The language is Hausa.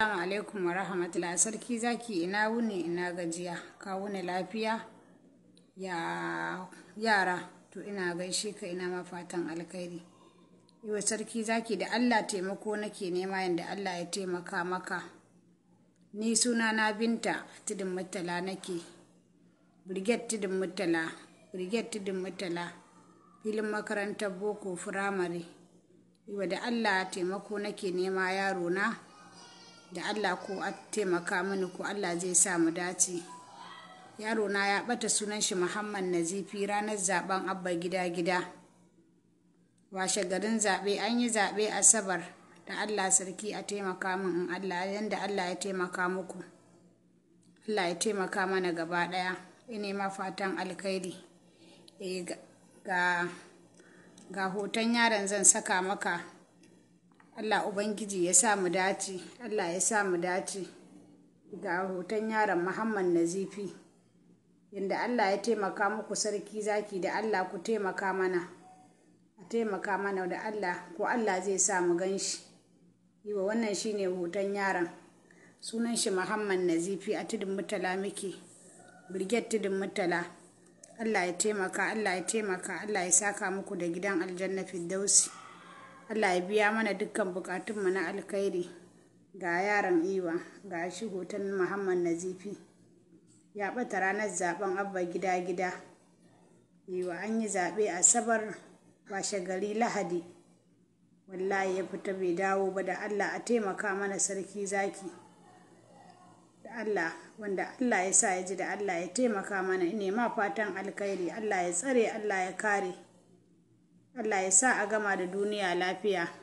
Assalamu alaikum wa rahmatullah sarki zaki ina wuni ina gajiya ka wuni lafiya ya yara to ina gaishe ka ina ma fatan alkhairi yiwa sarki zaki da Allah taimako nake nema yanda Allah ya taimaka maka ni suna na binta tudun mutala nake brigade tudun mutala brigade tudun mutala filin makarantar boko firamare yiwa da Allah taimako nake nema yaro na da allah ko a taimaka mini ko allah zai sa mu dace yaro na ya bata sunan shi muhammad nazifi ranar zaben abba gida gida washe garin zaɓe an yi zaɓe asabar da allah sarki a taimaka min in allah yanda allah ya taimaka muku allah ya taimaka mana gaba ɗaya ina ma fatan alkhairi eh, ga ga hoton yaron zan saka maka Allah Ubangiji ya sa mu dace, Allah ya sa mu dace ga hoton yaron Muhammad Nazifi. Yadda Allah ya taimaka muku sarki zaki da Allah ku taimaka mana, a taimaka mana da Allah ko Allah zai sa mu gan shi. Yiwa wannan shi ne hoton yaron. Sunan shi Muhammad Nazifi a tudun mutala muke, Birgit tudun mutala. Allah ya taimaka, Allah ya taimaka, Allah ya saka muku da gidan aljanna Firdausi. Allah ya biya mana dukkan bukatunmu na alkhairi ga yaran iwa ga shi hoton muhammad nazifi ya bata ranar zaben abba gida gida iwa an yi zaɓe asabar washe gari lahadi wallahi ya fita bai dawo ba da allah a taimaka mana sarki zaki da allah wanda allah ya sa ya ji da allah ya taimaka mana ne ma fatan alkhairi allah ya tsare allah ya kare Allah ya sa a gama da duniya lafiya.